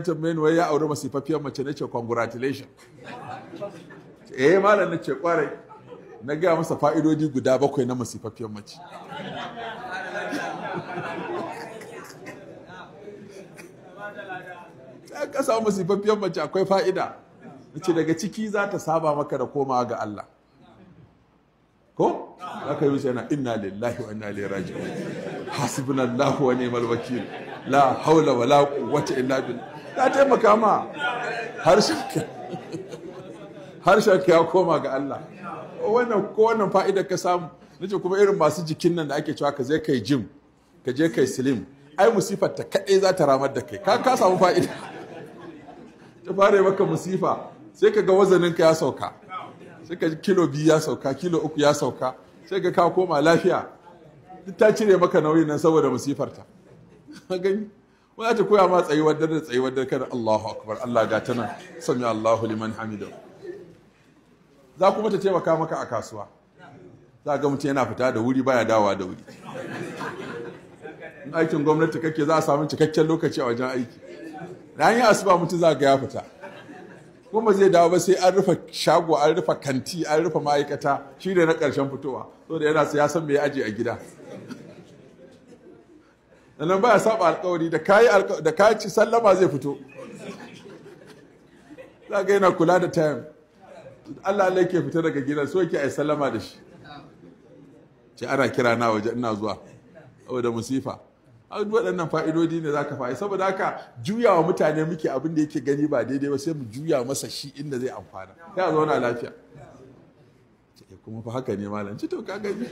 tambayin wai ya auri masifafiyar mace na ce congratulation eh malam na ce kwarai na gaya masa fa'idodi guda bakwai na masifafiyar mace ya kasa masifafiyar mace akwai fa'ida na ce daga ciki za ta saba maka da komawa ga Allah ko za ka yi wuce yana inna lillahi wa inna ilaihi raji'un hasibunallahu wa ni'mal wakil la haula wa la quwwata illa billah ta taimaka ma harshen ya koma ga Allah wannan ko wannan fa'ida ka samu nace kuma irin masu jikin nan da ake cewa ka je kai jim ka je kai slim ai musifar ta kadai za ta ramar da kai ka ka samu fa'ida ta fara maka musifa sai ka ga wazanin ka ya sauka sai ka kilo biyu ya sauka kilo uku ya sauka sai ka ka koma lafiya duk ta cire maka nauyin nan saboda musifarta gani wani ta koya ma tsayuwar dare tsayuwar dare kada Allahu akbar Allah ga tana sami Allahu liman hamidu za kuma ta taimaka maka a kasuwa za ga mutum yana fita da wuri baya dawa da wuri aikin gwamnati kake za a samu cikakken lokaci a wajen aiki ranar asuba mutum za ga ya fita kuma zai dawo ba sai an rufe shago an rufe kanti an rufe ma'aikata shi ne na ƙarshen fitowa so da yana sai ya san me ya aje a gida nan baya saba alkawari da kayi da kayi ci sallama zai fito za ga yana kula da time Allah Allah yake fita daga gidan so yake ai sallama da shi ce ana kira na waje ina zuwa da musifa an waɗannan fa'idodi ne zaka fa'i saboda haka juyawa mutane muke abin da yake gani ba daidai ba sai mu juya masa shi inda zai amfana ya a zauna lafiya eh, kuma fa haka ne malam ci to ka gani